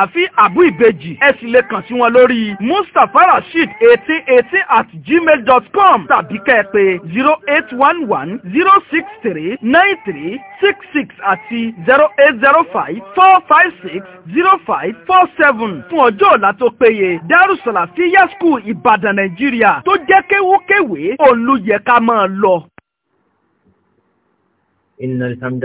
sàràfí àbú ìbejì ẹ sì lè kàn sí wọn lórí mustapha rasheed eighteen eighteen at gmail dot com tàbí kẹ́ẹ̀pè zero eight one one zero six three nine three six six àti zero eight zero five four five six zero five four seven fún ọjọ́ ọ̀la tó péye darussalafiya school ibadan nàìjíríà tó jẹ́ kéwúkéwé òun ló yẹ ká máa lọ. إن الحمد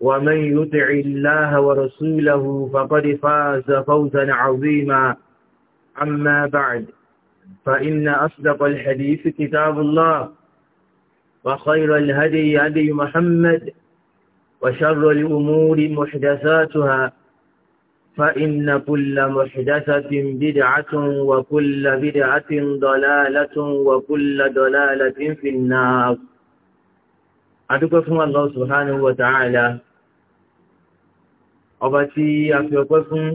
ومن يطع الله ورسوله فقد فاز فوزا عظيما أما بعد فإن أصدق الحديث كتاب الله وخير الهدي هدي محمد وشر الأمور محدثاتها فإن كل محدثة بدعة وكل بدعة ضلالة وكل ضلالة في النار أدوكم الله سبحانه وتعالى ọba tí a fi ọpẹ́ fún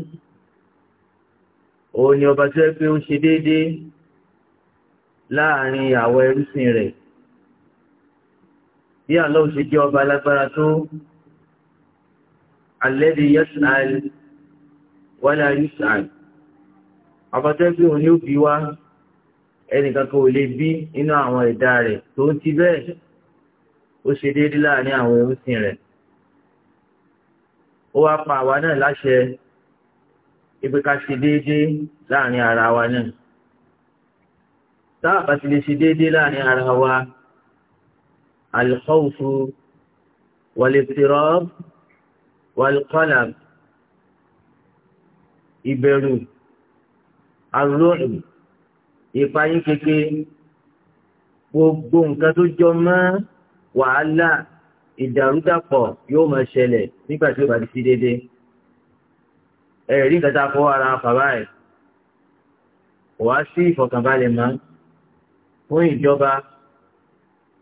òun ni ọba tí ó pé ó ṣe déédéé láàrin àwọn ẹrúsìn rẹ̀ bí Allah ṣe jẹ́ ọba alágbára tó alladhi yas'al wala yus'al ọba tó pé òun ni ó bí wá ẹnìkan kan ò lè bí nínú àwọn ẹ̀dá rẹ̀ tó ń ti bẹ́ẹ̀ ó ṣe déédéé láàrin àwọn ẹrúsìn rẹ̀ ó wá pa àwa náà láṣẹ ibi ká ṣe déédéé láàrin ara wa náà tá a bá ti lè ṣe déédéé láàrin ara wa alikọ́wùfù wàlẹ́tìrọ́ wàlẹ́kọ́là ìbẹ̀rù arúgbó ìpayín kékeré gbogbo nǹkan tó jọ mọ́ wàhálà ìdàrúdàpọ̀ yóò máa ṣẹlẹ̀ nígbà tí ó bá ti fi dédé ẹ̀rí nǹkan tá a fọwọ́ ara bàbá ẹ̀ kò wá sí ìfọ̀kànbalẹ̀ mọ́ fún ìjọba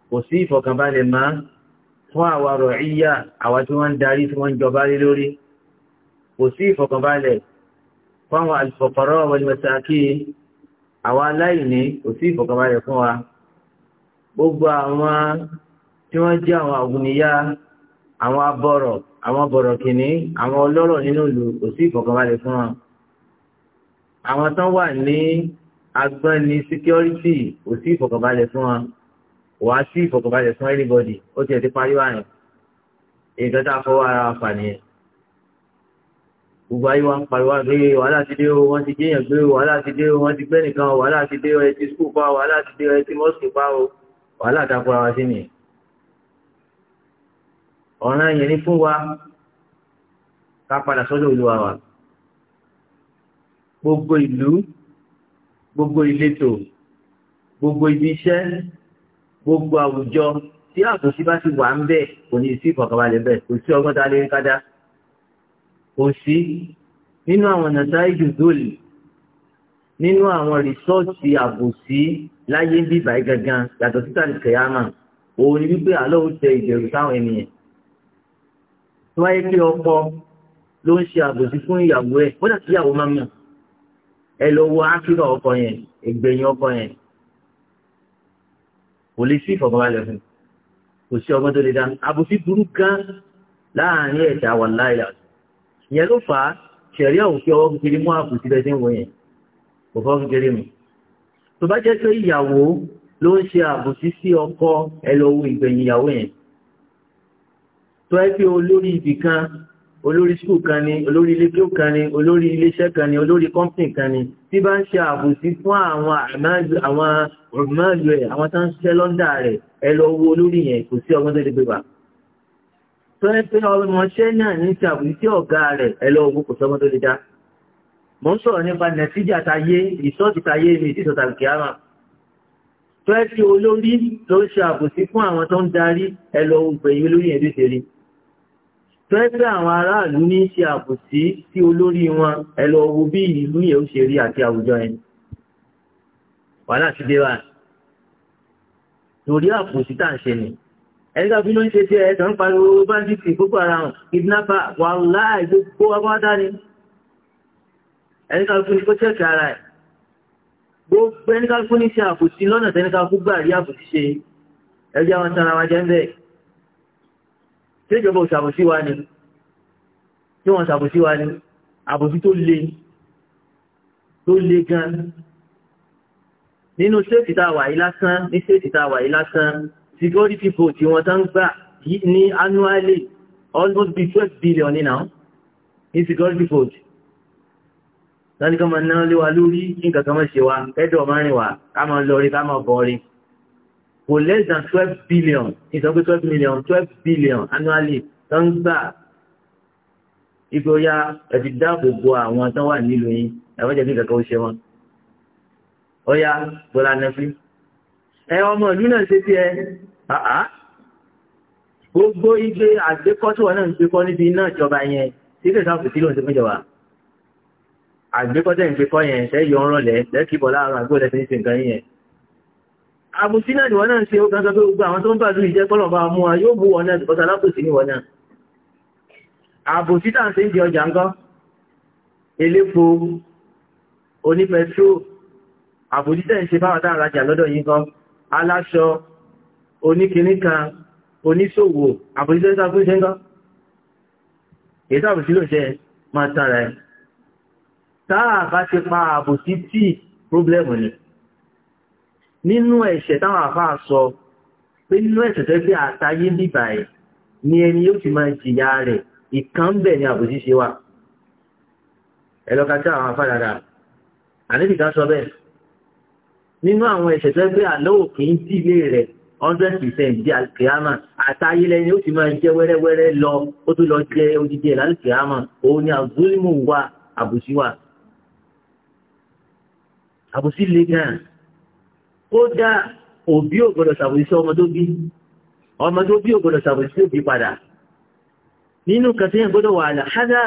kò sí ìfọ̀kànbalẹ̀ mọ́ fún àwa rọ̀ọ́yà àwa tí wọ́n ń darí tí wọ́n ń jọba lé lórí kò sí ìfọ̀kànbalẹ̀ fún àwọn àlùfọ̀kọ̀rọ̀ wal masakin àwa aláìní kò sí ìfọ̀kànbalẹ̀ fún wa gbogbo àwọn tí wọ́n jẹ́ àwọn àwùníyá àwọn abọ́rọ̀ àwọn bọ̀rọ̀ kìnní àwọn ọlọ́rọ̀ nínú ìlú kò sí ìfọ̀kànbalẹ̀ fún wọn. àwọn tán wà ní agbọ́ni security kò sí ìfọ̀kànbalẹ̀ fún wọn wà á sí ìfọ̀kànbalẹ̀ fún everybody ó tiẹ̀ ti parí wà yẹn nǹkan tá a fọwọ́ ara wa fà nìyẹn. gbogbo ayé wa ń pariwo pé wàhálà ti dé o wọ́n ti jẹ́yàn gbé o wàhálà ti dé o wọ́n ti gbẹ́ nìkan o wàhálà ti dé o ẹ ti skul ọ̀ràn yẹn ni fún wa ká padà sọ́dọ̀ olúwa wa gbogbo ìlú gbogbo ìletò gbogbo ibi iṣẹ́ gbogbo àwùjọ tí àkùnṣí bá ti wà ń bẹ̀ kò ní sí ìfọ̀kànbalẹ̀ bẹ̀ kò sí ọgbọ́n tá a lè rí kádá kò sí nínú àwọn nàìjíríà ìdòdòlì nínú àwọn rìsọ́ọ̀tì àbòsí láyé bíbáyé gangan yàtọ̀ títà ní kẹyàmà òun ni wípé àlọ́ òun tẹ ìbẹ̀rù sáwọn ènìyàn wáyé kí ọkọ ló ń ṣe àbòsí fún ìyàwó ẹ̀ kódà kí ìyàwó máa mọ̀ ẹ lọ wo ákírọ̀ ọkọ yẹn ìgbẹ̀yìn ọkọ yẹn kò lè sí ìfọ̀kànbalẹ̀ fún kò sí ọgbọ́n tó lè dá àbòsí burú gan láàrin ẹ̀dá wà láìlà ìyẹn ló fà á ṣẹ̀rí àwòfẹ́ ọwọ́ kékeré mú àbòsí bẹ́ẹ̀ tí ń kò fọ́ kékeré mu tó bá jẹ́ pé ìyàwó ló ń ṣe àbòsí sí ọkọ ẹ lọ wo ìgbẹ̀yìn ìyàwó tó ẹ́ pé olórí ibì kan olórí skul kan ni olórí iléeṣẹ́ kan ni olórí iléeṣẹ́ kan ni olórí kọ́mpìn kan ni tí bá ń ṣe àbòsí fún àwọn àwọn ọ̀rọ̀mọ́lù ẹ̀ àwọn tó ń ṣiṣẹ́ lọ́ndà rẹ̀ ẹ lọ wo olórí yẹn kò sí ọgbọ́n tó lè gbé bá. tó ẹ pé ọmọọṣẹ́ náà ní ṣe àbòsí sí ọ̀gá rẹ̀ ẹ lọ wo kò sí tó lè dá. mo ń sọ̀rọ̀ nípa nàìjíríà tayé ìṣọ́ọ̀tì tayé mi ti sọ̀tà kìámà. tó ẹ pé olórí tó ń ṣe àbòsí fún àwọn tó ń darí ẹ lọ wo pẹ̀lú olórí yẹn bí ṣe rí tẹ́sẹ̀ àwọn aráàlú ní ṣe àbòsí sí olórí wọn ẹ lọ wo bí ìlú yẹn ó ṣe rí àti àwùjọ yẹn wàhálà ti dé wa torí àbòsí tá à ń ṣe nìyí ẹ̀ríkà bí ló ń ṣe tí ẹ̀ẹ́sàn ń pariwo bandits gbogbo ara hàn kidnapper wà láì gbogbo abọ́dá ni ẹ̀ríkà fún ní kó chẹ́ẹ̀kì ara ẹ̀ gbogbo ẹ̀ríkà fún ní ṣe àbòsí lọ́nà tẹ́ríkà fún gbà rí àbòsí ṣe ẹ̀rí àwọn sanra wa jẹ́ bẹ́ẹ̀ tí ìjọba ò ṣàbòsí wa ni tí wọ́n ṣàbòsí wa ni àbòsí tó le tó le gan nínú ṣéètì tá a wà yìí lásán ní ṣéètì tá a wà yìí lásán security vote tí wọ́n tán gbà ní annually almost be twelve billion ní now ní security vote láti kọ́ máa ná lé wa lórí nǹkan kan máa ṣe wa ẹ̀dọ̀ máa rìn ká for less than twelve billion ìsọ̀gbé twelve million twelve billion annually tó ń gbà ìgbóyà ẹ̀fí dáàbò bo àwọn tó wà nílùú yín ẹ̀wọ́n jẹ́ kí kankan ó ṣe wọn. ó yá bọ́lá nẹ́fí. ẹ ọmọ ìlú náà ṣe tiẹ̀ àá gbogbo igbe àgbékọ́ tí wọn náà ń gbékọ́ níbi iná ìjọba yẹn tí kò sáfù sí lóun ṣe fún ìjọba. àgbékọ́ tẹ̀ ń gbékọ́ yẹn ṣẹ́ yọ ọ́n rọ̀lẹ́ lẹ́kì bọ́lá àrùn àgbò lẹ́sìn ṣe nǹkan yẹn àbùsí náà nìwọ̀n náà ṣe ó gan sọ pé gbogbo àwọn tó ń bà lórí ìjẹ́ pọ́lọ̀ bá mú wa yóò bú wọn náà bọ́ta lápòsí níwọ̀n náà àbùsí tà ń ṣe ń di ọjà ńkọ́ elépo onípẹtró àbùsí tẹ̀ ń ṣe báwa táà rajà lọ́dọ̀ yín kan aláṣọ oníkiní kan oníṣòwò àbùsí tẹ̀ ń sá fún ṣe nínú ẹ̀ṣẹ̀ táwọn àfá sọ pé nínú ẹ̀ṣẹ̀ tẹ́ pé àtayé bíbà ẹ̀ ni ẹni yóò ti máa jìyà rẹ̀ ìkan ni àbòsí ṣe wà ẹlọ́ka àwọn afá dáadáa àníbì kan sọ bẹ́ẹ̀ nínú àwọn ẹ̀ṣẹ̀ tẹ́ pé àlọ́ òkè ń dìlé rẹ̀ hundred percent di àtayé lẹni ó ti máa jẹ wẹ́rẹ́wẹ́rẹ́ lọ ó tó lọ jẹ odidi ẹ̀ lálikiyama òun ni àbúrímù wa àbòsí wa àbòsí le gan kódà òbí ò gbọdọ̀ ṣàbòsí sí ọmọ tó bí ọmọ tó bí ò gbọdọ̀ ṣàbòsí sí òbí padà nínú kàtíyàn gbọdọ̀ wà àlà hádà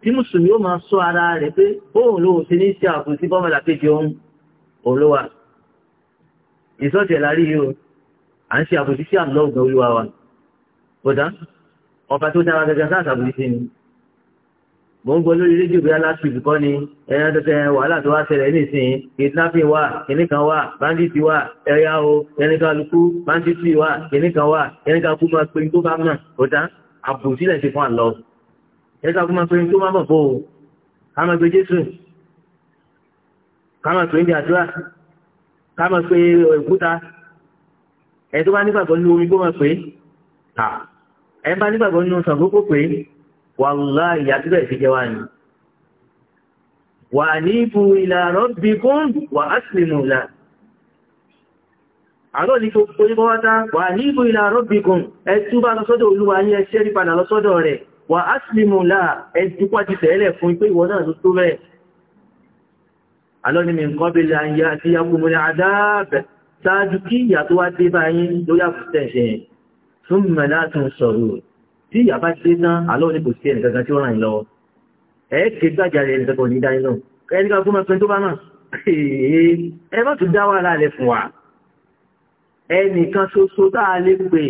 tí mùsùlùmí ó máa sọ ara rẹ̀ pé bóun ló ṣe ní ṣe àbòsí bọ́mọlà péjì ohun olówà ìsọ́tì ẹ̀ lárí yìí o à ń ṣe àbòsí sí àlọ́ ògbà olúwa wa kódà ọba tó dára gẹ́gẹ́ sáà ṣàbòsí ni mo ń gbọ́ lórí rédíò bí aláṣìbì kọ́ ni ẹran tẹ́tẹ́ wàhálà tó wá ṣẹlẹ̀ nísìnyí kidnapping wà kìnìkan wà banditi wà ẹ̀yà o ẹnìkan lukú banditi wà kìnìkan wà ẹnìkan kú máa pe tó bá mọ̀ ọ̀tá àbòsílẹ̀ ti fún àlọ́ ẹnìkan kú máa pe tó bá mọ̀ fún o ká máa pe Jésù ká máa pe ní àdúrà ká máa pe òkúta ẹ̀ tó bá nígbàgbọ́ nínú omi kó máa pe ẹ̀ bá nígbàgbọ́ nínú sàgbókò pé wàláhì àdúrà ìfijẹ́ wa ni wà níbu ìlà rabbikum wà aslimu la àlọ́ ní gbogbo ní bọ́wátá wà níbu ìlà rabbikum ẹ túbá lọ sọ́dọ̀ olúwa ní ẹ ṣẹ́rí padà lọ sọ́dọ̀ rẹ̀ wà aslimu la ẹ dúpá ti tẹ̀ẹ́lẹ̀ fún pé ìwọ náà ló tó bẹ́ẹ̀ àlọ́ ní mi nǹkan bí láyé àti yàgbùmọ̀lẹ̀ àdáàbẹ̀ sáájú kí ìyà tó wá dé báyìí lórí àfúntẹ̀ṣẹ̀ fún mẹ́lá tún sọ̀rọ̀ tí ìyá bá ṣe tán àlọ́ ní kò sí ẹnì kankan tí ó ràn yín lọ́wọ́ ẹ ké gbàjáde ẹnì kankan ní dání náà ẹnì kan fún mi pin tó bá náà ẹ má tún dá wàhálà rẹ fún wa ẹnì kan ṣoṣo tá a lè pè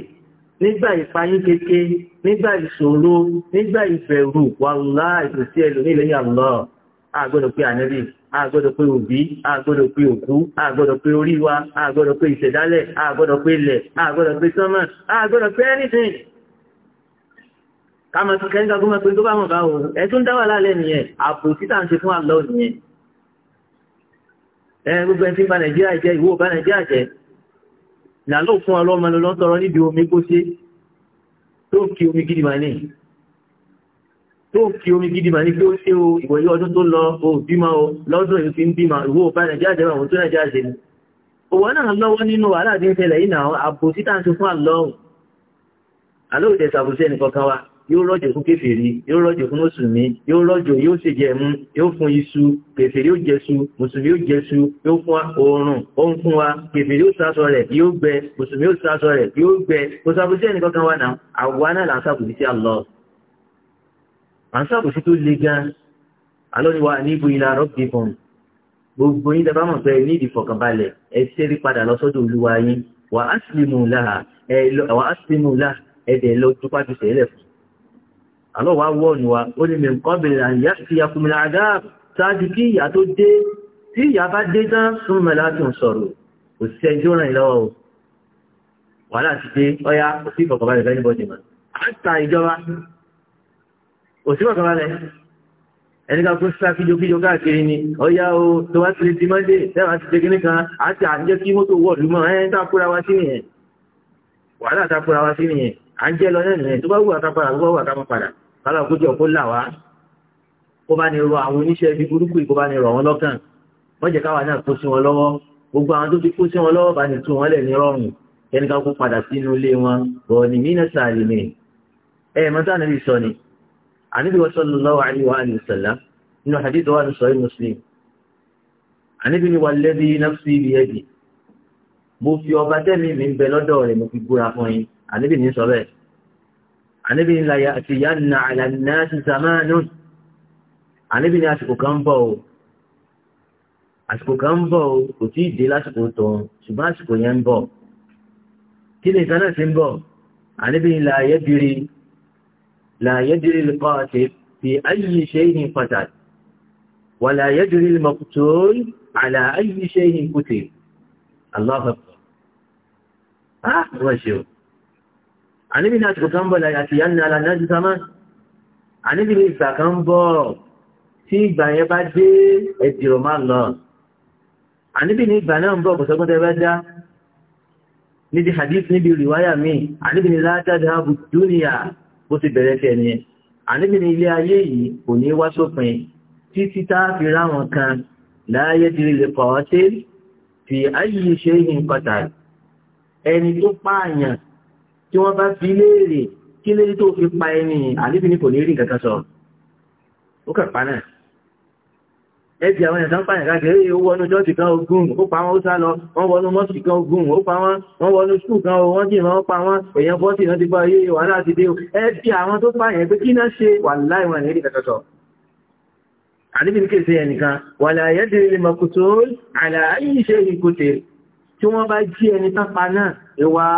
nígbà ìpayín keke nígbà ìṣòro nígbà ìfẹ̀rù wàhálà ìtòsí ẹlòmíì lẹ́yìn àlọ́ àgbọ́dọ̀ pé ànábì àgbọ́dọ̀ pé òbí àgbọ́dọ̀ pé òkú àgbọ́dọ̀ pé orí wa àgbọ́dọ̀ pé ìṣẹ̀dálẹ̀ àgbọ́dọ̀ pé ilẹ̀ àgbọ́dọ̀ pé sánmà àgbọ́dọ̀ pé anything káàmà sí kẹ́ńtà kó máa pé tó bá mọ̀ bá òun ẹ tún dá wà lálẹ́ nìyẹn ààbò títà ń ṣe fún àlọ́ nìyẹn ẹ gbogbo ẹni tí ń ba nàìjíríà jẹ ìwọ ba nàìjíríà jẹ ìyàló fún ọlọ́mọ lọ tọrọ nídìí omi kó ṣe tó kí omi gidi mà ní tó kí omi gidi mà ní pé ó ṣe o ìwọ̀nyí ọdún tó lọ o bímọ o lọ́dún èyí fi ń bímọ ìwọ ba nàìjíríà jẹ àwọn tó nàìjíríà jẹ ni òwò náà lọ́wọ́ nínú wàhálà tí ń ṣẹlẹ̀ yìí náà àbòsí tá à ń ṣe fún àlọ́ àlọ́ òjẹ̀ṣàbòsí ẹnìkan kan wa yóò rọ̀jò fún kèfèrí yóò rọ̀jò fún mùsùlùmí yóò rọ̀jò yóò ṣe jẹ yóò fún iṣu kèfèrí yóò jẹṣu mùsùlùmí yóò jẹṣu yóò fún wa ó ń fún wa kèfèrí yóò sásọ rẹ̀ yóò gbẹ mùsùlùmí yóò sásọ rẹ̀ yóò gbẹ kò sàbùsí wà náà àwa náà là ń sí àlọ à ń sàbùsí tó le gan alóníwà níbu ilà rọ́bì fún gbogbo yín dábàá pé ní ìfọ̀kànbalẹ̀ ẹ ṣẹ́rí padà lọ sọ́dọ̀ olúwa yín wà á sì mú un láà ẹ dẹ̀ lọ tó pàjùsẹ̀ lẹ̀ fún àlọ́ wa wọ́ọ̀nù wa ó ní mi nǹkan bẹ̀rẹ̀ àyà ti akùnmìnà àdá ṣáájú kí ìyà tó dé tí ìyà bá dé tán fún mẹ́lá tó ń sọ̀rọ̀ kò sí ẹni tó ràn yín lọ́wọ́ o wàhálà ti dé ọ̀yá kò sí ìfọ̀kànbalẹ̀ fẹ́ níbọ̀dì mọ́ àtà ìjọba kò sí ìfọ̀kànbalẹ̀ ẹni ká ni ọ̀yá o tó wá ti di mọ́ndé tẹ́wàá ti dé kíní kan àti àjẹ́ kí mọ́tò wọ̀ọ̀lù mọ́ ẹ̀ tá a kóra wa sí nìyẹn wàhálà tá a ń jẹ́ lọ náà tó bá wù àtàpàdà tó bá wù àtàpàdà kálọ̀kójọ kó là wá kó bá ní rọ àwọn oníṣẹ́ ibi burúkú yìí kó bá ní rọ wọn lọ́kàn wọ́n jẹ́ káwa náà kó sí wọn lọ́wọ́ gbogbo àwọn tó ti kó sí wọn lọ́wọ́ bá ní tú wọn lẹ̀ ní rọrùn kẹ́ni ká kó padà sínú ilé wọn rọ̀ ní mí náà sàlì mí ẹ̀ mọ́tà níbi sọ ni àníbi wọ́n sọ́lọ́ lọ́wọ́ àríwá àlùsàlá nínú àdìdọ́ wà ní sọ́yìn muslim àníbi ni wà lẹ́bi nafsi ibi ẹ̀dì mo fi ọba tẹ́mi mi ń bẹ lọ́dọ̀ rẹ̀ mo fi búra fún yín àníbi ńlá ya àti ìyá nà àlànà ti sàmánù àníbi ní àsìkò kan ń bọ̀ o àsìkò kan ń bọ̀ o kò tí ì dé lásìkò tán ṣùgbọ́n àsìkò yẹn ń bọ̀ kí ni ìtàn náà ti ń bọ̀ àníbi ńlá ayébírí là yẹ́dìrí lùkọ́ àti fi ayé ṣe ní pàtàkì wà là yẹ́dìrí lùmọ̀kútó àlà ayé ṣe ní kùtì aláhùn. Ah, wọ́n ṣe o àníbi ní àsìkò kan bọ̀ láyé àti ìyá ní aláǹdájú sámá àníbi ní ìgbà kan bọ̀ tí ìgbà yẹn bá dé ẹ̀dìrọ̀ máa lọ àníbi ní ìgbà náà ń bọ̀ kòsọ́gbọ́n tẹ́ bá dá níbi hadith níbi rìwáyà mi àníbi ní látàdá dúnìyà bó ti bẹ̀rẹ̀ tẹ̀ ni àníbi ní ilé ayé yìí kò ní wá sópin títí tá a fi ráwọn kan láyé ti lè kọ́ ọ́ sí fi ayé ṣe é ní pàtàkì ẹni tó pààyàn tí wọ́n bá fi léèrè kí lè tó fi pa ẹni àlébí ní kò ní rí nǹkan kan sọ ó kàn pa náà ẹbí àwọn ẹ̀sán pààyàn káàkiri ó wọnú jọ́ọ̀tì kan ogun ó pa wọn ó sá lọ wọ́n wọnú mọ́sì kan ogun ó pa wọn wọ́n wọnú skul kan wọ́n jì wọ́n pa wọn èèyàn bọ́sì náà ti gbọ́ ayé wàhálà ti dé ẹbí àwọn tó pààyàn pé kí náà ṣe wà láì wọn ní rí kankan sọ àdébí ní kéèsè ẹnìkan wà láyé dèrè lè mọ̀kútó àlàyé ìṣe ìkòtè tí wọ́n bá jí ẹni tápa náà ìwà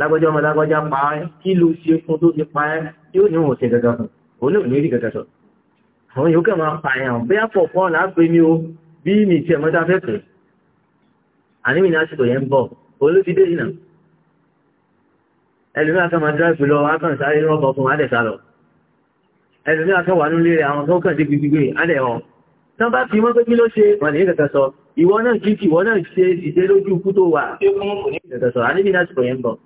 lágbọ́jọ́ ọmọ lágbọ́já pa ẹ́ kí ló ṣe fún tó ti pa ẹ́ tí ó ní ṣe gẹ́gẹ́ fún òun ní òní rí gẹ́gẹ́ sọ àwọn yòókè máa pa ẹ̀ hàn bẹ́ẹ̀ pọ̀ pọ̀ láàpẹ ní o bí mi tiẹ̀ mọ́ta fẹ́ àníwìn ní àsìkò yẹn ń bọ̀ olófídé yìí nà ẹlòmí àkàn máa dráìfù lọ akàn sáré rọ́bọ̀ fún adẹ̀sá lọ ẹlòmí àkàn wà nílé rẹ̀ àwọn tó kàn dé gbigbigbé adẹ̀ ọ̀ tán bá fi mọ́ pé kí ló ṣe wà ní kẹ̀kẹ́ sọ ìwọ náà kìkì ìwọ náà ṣe ìdélójú kú tó wà. ó ní kẹ̀kẹ́ sọ àníbi ní àsìkò yẹn ń bọ̀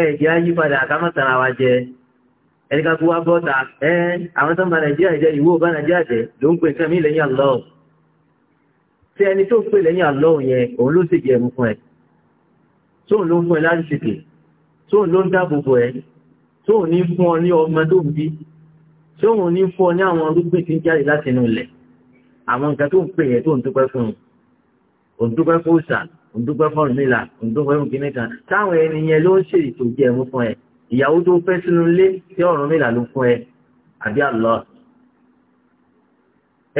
ẹ̀ẹ̀jẹ́ ayípadà àkámọ́tara wa jẹ ẹnìká kú wá bọ́ta ẹ́ àwọn tó ń ba nàìjíríà jẹ́ ìwó bá nàìjíríà jẹ́ ló ń pè nǹkan mí lẹ́yìn àlọ́ tí ẹni tó pè lẹ́yìn àlọ́ yẹn òun ló sì jẹ́ ẹ̀mú fún ẹ tóun ló ń fún ẹ láríṣìkè tóun ló ń dáàbò ẹ tóun ní fún ọ ní ọmọ tó ń bí tóun ní fún ọ ní àwọn arúgbìn tí ń jáde láti inú ilẹ̀ àwọn nǹkan tó ń pè yẹn tóun dúpẹ́ fún òun dúpẹ́ fún òòsàn òǹdúpẹ́ fún ìmìlà òǹdúpẹ́ fún kìnnì kan táwọn ẹni yẹn ló ń ṣe ètò jẹ mú fún ẹ ìyàwó tó fẹ́ sínú ilé tí ọ̀run mìlà ló fún ẹ àbí àlọ́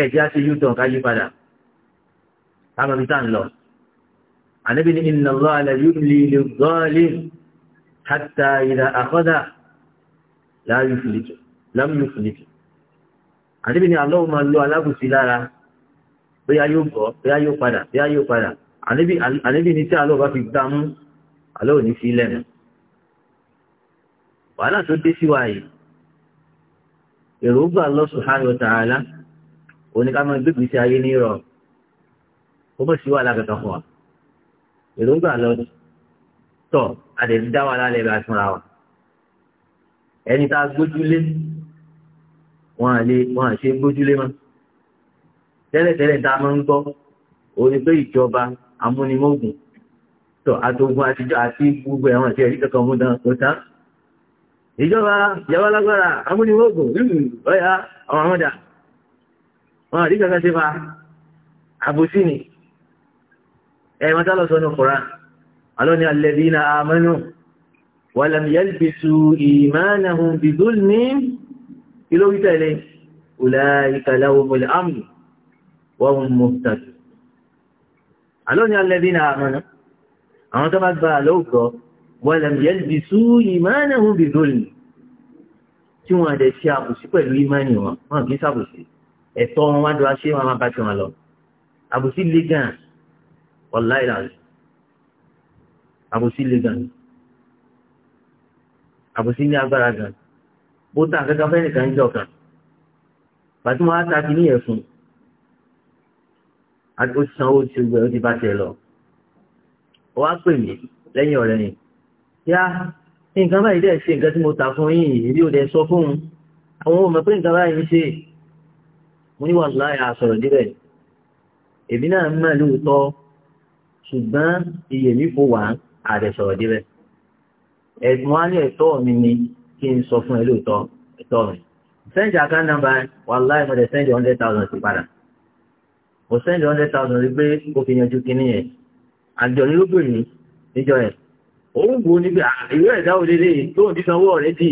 ẹ ti á ṣe yútọ̀ ká yí padà táwọn ibi tá ń lọ. àníbi ní inna Allah la yumli lil-zalim hatta idha akhadha la yuflitu lam yuflitu. àníbi ní Allah máa lo alábùsí lára bóyá yóò bọ̀ bóyá yóò padà bóyá yóò padà àníbí ní tí àlọ́ bá fi gbá mú àlọ́ ò ní fi lẹ́nu wàhálà tó dé sí wa yìí èròǹgbà Allah subhanahu wa ta'ala oníkàmọ́ gbégbé sí ayé ní rọ̀ ó bọ̀ sí wàhálà kankan fún wa èròǹgbà lọ tọ̀ àdèdè dá wa lálẹ́ bá fúnra wa ẹni tá a gbójúlé wọn à lè wọn à ṣe gbójúlé mọ́ tẹ́lẹ̀tẹ́lẹ̀ tá a máa ń gbọ́ òní pé ìjọba amúnimógùn tó àtògùn àtijọ́ àti gbogbo ẹ̀wọ̀n àti ẹ̀rí kankan mú dán kò tán ìjọba ìjọba lágbára amúnimógùn hmm, ọ̀yà ọmọ ọmọdà wọn àrí kankan ṣe fa àbòsí ni ẹ̀wọ̀n tá lọ sọ ní kura alọ́ ni alladhina amanu wa lam yalbisu imanahum bi dhulmin kí ló wí tẹ̀lé ulaika lahumul amn wa hum muhtadun àlọ́ ni alẹ́ bí na àmọ́nà àwọn tó bá gba àlọ́ gbọ́ wọ́n lẹ́nu yẹn bí sú ìmánà hù bí dòlì tí wọ́n àdẹ̀ ṣe àbùsí pẹ̀lú ìmánì wọn wọn kì í ṣàbùsí ẹ̀tọ́ wọn wá dọ́ aṣẹ́ wọn máa bá ti wọn lọ àbùsí le gan àbùsí le àbùsí ní agbára gan bó tà kankan fẹ́nìkan jọ kan pàtó wọn á ta kí ní ẹ̀fún ó sanwó tí o gbẹ ó ti bá tẹ lọ ó wá pè mí lẹ́yìn ọ̀rẹ́ yìí yá nǹkan báyìí dẹ̀ ṣe nǹkan tí mo tà fún yín èmi ò dẹ̀ sọ fún un àwọn ọmọ pé nǹkan báyìí ń ṣe mo ní wàhálà àsọ̀rọ̀ débẹ̀ èmi náà mọ̀ lóòótọ́ ṣùgbọ́n iye mi fò wá àdẹ̀sọ̀rọ̀ débẹ̀ ẹ̀gbọ́n á ní ẹ̀tọ́ mi ni kí n sọ fún ẹ lóòótọ́ ẹ̀tọ́ mi send your account number wàhálà ìmọ̀dẹ̀ send your hundred thousand sí padà mo sẹ́ndì hundred thousand rí pé kò fi yanjú kínní yẹn àjọ ni ló bèrè níjọ yẹn òun wo níbi ìwé ẹ̀dá òdede tóun ti sanwó ọ̀rẹ́ dì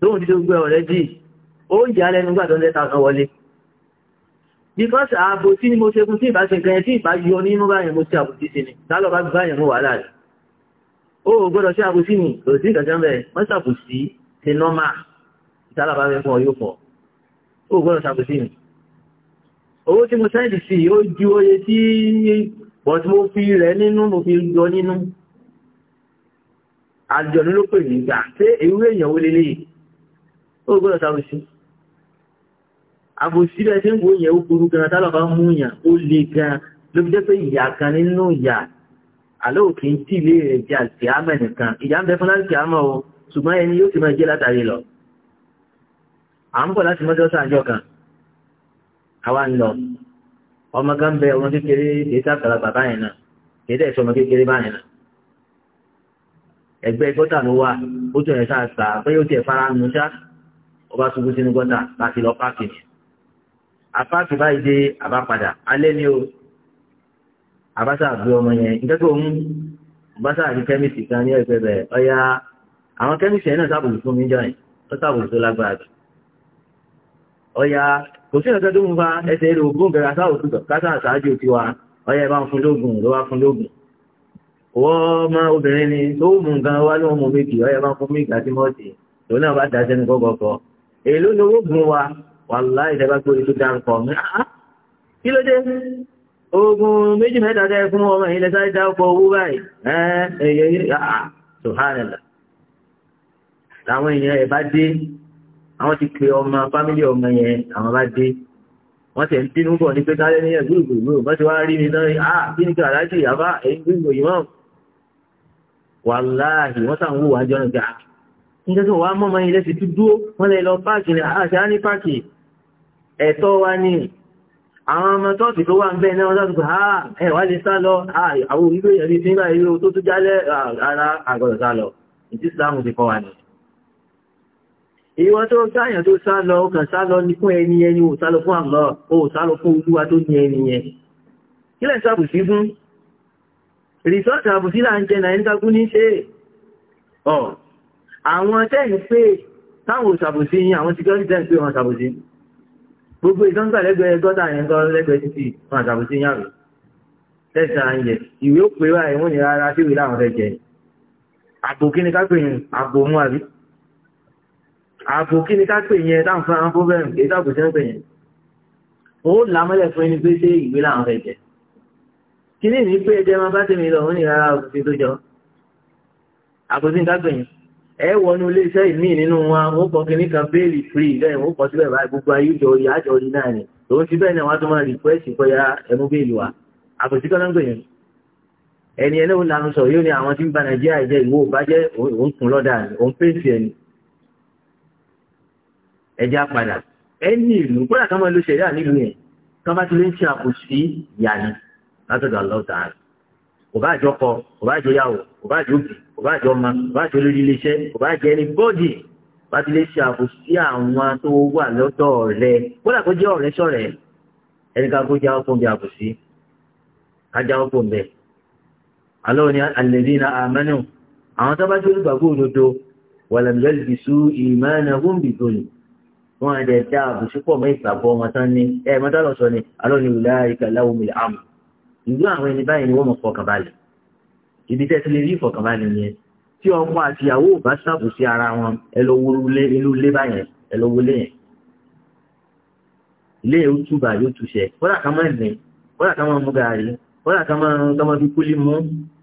tóun ti gbẹ ọ̀rẹ́ dì ó ń jà lẹ́nu gbà hundred thousand wọlé because ààbò tí ni mo ṣe fún tí ìbá ṣe kẹyẹ tí ìbá yọ nínú báyẹn mo ṣe àbòsí sí ni lálọ́ bá báyẹn mo wà láàrin ó gbọ́dọ̀ ṣe àbòsí mi kò sí ìkàjọ́ bẹ́ẹ̀ wọ́n ṣàbòsí ṣe nọ́mà ìtàlábà fẹ́ fún ọ yóò fọ́ ó gbọ́dọ̀ ṣàbòsí mi owó tí mo sẹ́ẹ̀dì sí ó ju oye tí wọ́n tí mo fi rẹ̀ nínú mo fi yọ nínú àjọ̀nú ló pè ní gbà tí ewé èèyàn wó lélẹ́yìí ó gbọ́dọ̀ sáwọ́ sí àbòsí rẹ̀ tí ń wo yẹn ó burú gan tálọ́bà mú yàn ó le gan ló fi jẹ́ pé ìyà kan nínú ìyà àlóòkè ń tì lé rẹ̀ jẹ́ àlùkìámẹ̀ nìkan ìyà ń bẹ fún láìkìámẹ̀ o ṣùgbọ́n ẹni yóò ti máa jẹ́ látàrí lọ à ń bọ̀ láti mọ́jọ́sà àjọ kan àwa ń lọ ọmọ kan bẹ ọmọ kékeré kìí sàkàlà bàbá yẹn náà kìí dẹ̀ sọ ọmọ kékeré báyẹn náà ẹgbẹ́ gọ́tà ló wà ó tún ẹ̀ sáà sà pé ó tiẹ̀ fara nu ṣá ọba ṣubú sínú gọ́tà láti lọ páàkì ni àpáàkì báyìí dé àbápadà alẹ́ ni o àbáṣà gbé ọmọ yẹn nígbà tó ń àbáṣà kẹ́míìsì kan ní ẹgbẹ́ bẹ̀ ọ̀yà àwọn kẹ́míìsì yẹn náà sábòlù fún mi jọ ó sábòlù tó lágbára jù ọ̀yà kò sí ọ̀sẹ̀ tó ń fa ẹsẹ̀ èrè ògùn gẹ̀rẹ̀ àṣà òtútọ̀ kásà àṣáájú ti wa ọyẹ bá ń fún lógún ló wá fún lógún wọ́n ọmọ obìnrin ni tó mú nǹkan wá ló mú méjì ọyẹ bá ń fún méjì àti mọ́ọ̀tì lòun náà bá dá sẹ́nu kọ́kọ́kọ́ èló ni owó gun wa wàhálà ìjọba gbé oṣù dáńkọ mi ah, ah, kí ló dé ogun méjì mẹ́ta dẹ́ fún ọmọ ilẹ̀ sáré dá ọkọ̀ owó báyìí ẹ̀ẹ́ àwọn ti pe ọmọ fámílì ọmọ yẹn àwọn bá dé wọ́n tẹ̀ ń bínú bọ̀ ní pé táyé ní ẹ̀gbọ́n ìgbòho wọ́n ti wá rí mi náà á ah, kí ni kàlájì àbá ẹ̀yìn gbígbò yìí mọ́ wàláhì wọ́n sàn wò wá jọ gbà nígbà tí wọ́n mọ́ ọmọ yẹn lẹ́sìn tó dúró wọ́n lè lọ páàkì ní àṣà ah, ní páàkì ẹ̀tọ́ wa ni àwọn ọmọ tọ́ọ̀tì tó wà ń bẹ́ẹ̀ náà wọ́n sàtúkọ̀ ha ah, ẹ̀ wá lè sá lọ àwọn onígbèyàn bíi tí ń bá ìlú tó tó jálẹ̀ ara àgọ́dọ̀ sá ìwọ tó sáyàn tó sá lọ ọkàn sá lọ ní fún ẹni ẹni ò sá lọ fún Allah ò sá lọ fún olúwa tó ní ẹni yẹn kí lẹ́ fún rìsọ́ọ̀tì àbùsí là ń jẹ náà ní ṣe ọ̀ àwọn tẹ́yìn pé táwọn òṣàbòsí yìí àwọn security gọ́ ààbò kí ni ká pè yẹn táwọn fún àwọn problem kì í ń pè yẹn ó làmọ́lẹ̀ fún ẹni pé ṣé ìwé làwọn fẹ́ jẹ kí ni ìní ẹjẹ máa bá tèmi lọ òun ní òfin tó jọ ààbò sí ń ká yẹn ẹ wọnú iléeṣẹ́ ìmí nínú wa ó kọ kíní kan béèlì free lẹ́yìn ó kọ síbẹ̀ báyìí gbogbo ayé jọ orí àjọ orí náà ni tòun ti bẹ́ẹ̀ ni wọ́n á máa rìkwẹ́sì kọyà ẹmú béèlì wa ààbò sí kọ́nà ń pè yẹn ẹni ẹlẹ́wọ̀n lanu sọ̀rọ̀ yóò ní àwọn tí ń ba Nàìjíríà jẹ́ ìwọ òbájẹ́ òun kùn lọ́dà òun pèsè ẹni ẹja padà ẹni ìlú kódà kan máa lo ṣẹ̀dá nílùú yẹn kan bá ti lè ń ṣe àkòsí ìyàní látọ̀dọ̀ ọlọ́ọ̀tà rẹ̀ kò bá àjọ kọ kò bá àjọ yàwó kò bá àjọ òbí kò bá àjọ ọmọ kò bá àjọ lórí iléeṣẹ́ kò bá àjọ ẹni bọ́ọ̀dì bá ti lè ṣe àkòsí àwọn tó wà lọ́dọ̀ rẹ̀ kódà kó jẹ́ ọ̀rẹ́ sọ̀rẹ́ ẹni ká kó jáwọ́ fún bí àkòsí ká jáwọ́ fún bẹ́ẹ̀ alọ́ ni alladhina amanu àwọn tó bá tó gbàgbọ́ òdodo walam yalbisu imanahum bidhulm wọn àdẹ dá àbùsùpọ̀ mọ́ ìgbàgbọ́ wọn tán ní ẹ mọ́tà lọ sọ ni alọ́ ni wùlá ìkà láwù mi àmù ìlú àwọn ẹni báyìí ni wọ́n mọ̀ fọkànbalẹ̀ ibi tẹ́ ti lè rí ìfọkànbalẹ̀ yẹn tí ọkọ àti ìyàwó bá ṣàbùsí ara wọn ẹ lọ wo inú ilé báyẹn ẹ lọ wo ilé yẹn ilé yẹn ó túbà yóò túṣẹ kódà ká máa nì kódà ká máa mú gààrí kódà ká máa fi kúlí mú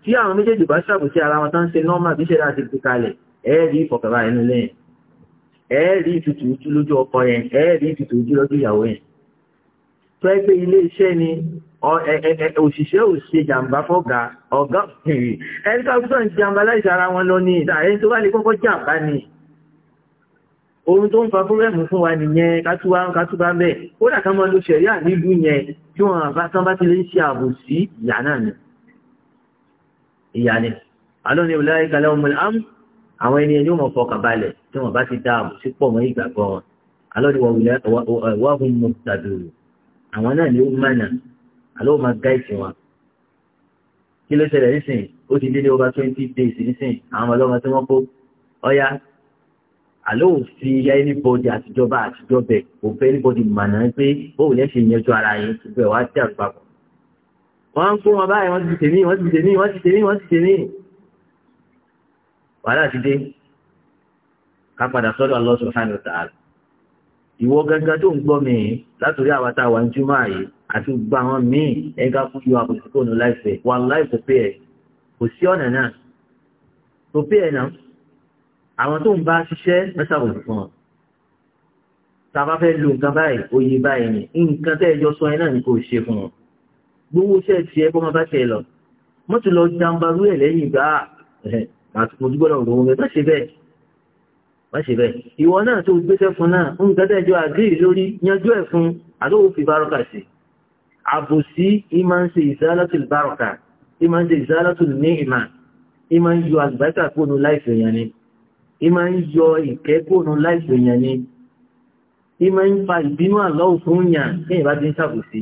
tí àwọn méjèèjì bá ṣàbùsí ara wọn tán ṣe nọ́ọ̀mà bí láti fi kalẹ̀ ẹ̀ẹ́dì ìfọkànbalẹ̀ nílé yẹn ẹ̀ẹ́rí ìtùtù ojú lójú ọkọ yẹn ẹ̀ẹ́rí ìtùtù ojú lójú ìyàwó yẹn tó ẹ pé ilé iṣẹ́ ni òṣìṣẹ́ ò ṣe jàǹbá fọ́gà ọ̀gá ẹni tó àkútọ̀ ń jàǹbá láìsí ara wọn lọ ní ìdá ẹni tó bá lè kọ́kọ́ jàǹbá ni ohun tó ń fa fúrẹ́mù fún wa nìyẹn kátúwá kátúbá bẹ́ẹ̀ kódà ká mọ́ ló ṣẹ̀ríà nílùú yẹn tí wọ́n bá tán bá ti lè ṣe àbòsí ìyá náà ni ìyá ni alọ́ ni ọ̀lá ìkàlẹ̀ ọmọ àwọn ẹni ẹni wọn fọkàn balẹ̀ tí wọn bá ti dá àbùsí pọ̀ mọ́ ìgbàgbọ́ wọn alọ́ni wọn wulẹ̀ wàhùn mu tàdúró àwọn náà ni ó mànà àlọ́ máa gáìsì wọn kí ló ṣẹlẹ̀ nísìn ó ti délé over twenty days nísìn àwọn ọlọ́mọ tí wọ́n kó ọ̀yá àlọ́ òfin ya anybody àtijọba àtijọbẹ̀ òfin anybody mànà pé bóòlù ẹ̀ ṣe yẹn ju ara yẹn gbogbo ẹ̀ wá dàrú papọ̀ wọ́n ń kó wọn báyìí wọ́n ti tèmi wọ́n ti tèmi wọ́n ti tèmi wọ́n ti tèmi wàhálà ti dé ká padà sọ́dọ̀ Allah subhanahu wa ta'ala ìwọ gẹ́gẹ́ tó ń gbọ́ mi látòrí àwa tá a wà ní júmọ́ àyè àti gbogbo àwọn míì ẹ̀ka kú yọ àbòsí kò ní láìpẹ́ wà láì kò pé ẹ̀ kò sí ọ̀nà náà kò pé ẹ̀ náà àwọn tó ń bá ṣiṣẹ́ mẹ́sàbòsí fún ọ tá a bá fẹ́ lo nǹkan báyìí oye báyìí ni nǹkan tẹ́ ẹ jọ sọ ẹ náà ni kò ṣe fún ọ gbowó iṣẹ́ tiẹ̀ bọ́ máa lọ mọ́tò lọ ẹ̀ lẹ́yìn ìgbà àti mo dúgbọ́dọ̀ ń gbọ́n má ṣe bẹ́ẹ̀ má ṣe bẹ́ẹ̀ ìwọ náà tó gbéṣẹ́ fún náà ń gẹ́gẹ́ jọ àgírí lórí yanjú ẹ̀ fún àlóhùn fi bárọ̀kà sí àbòsí ìmọ̀ ń ṣe ìsálátù bárọ̀kà ìmọ̀ ń ṣe ìsálátù ní ìmà ìmọ̀ ń yọ àgbàkà kónú láìpẹ́ yẹn ni ìmọ̀ ń yọ ìkẹ́ kónú láìpẹ́ yẹn ni ìmọ̀ ń fa ìbínú àlọ́hùn fún yàn ní ìbádí ń ṣàbòsí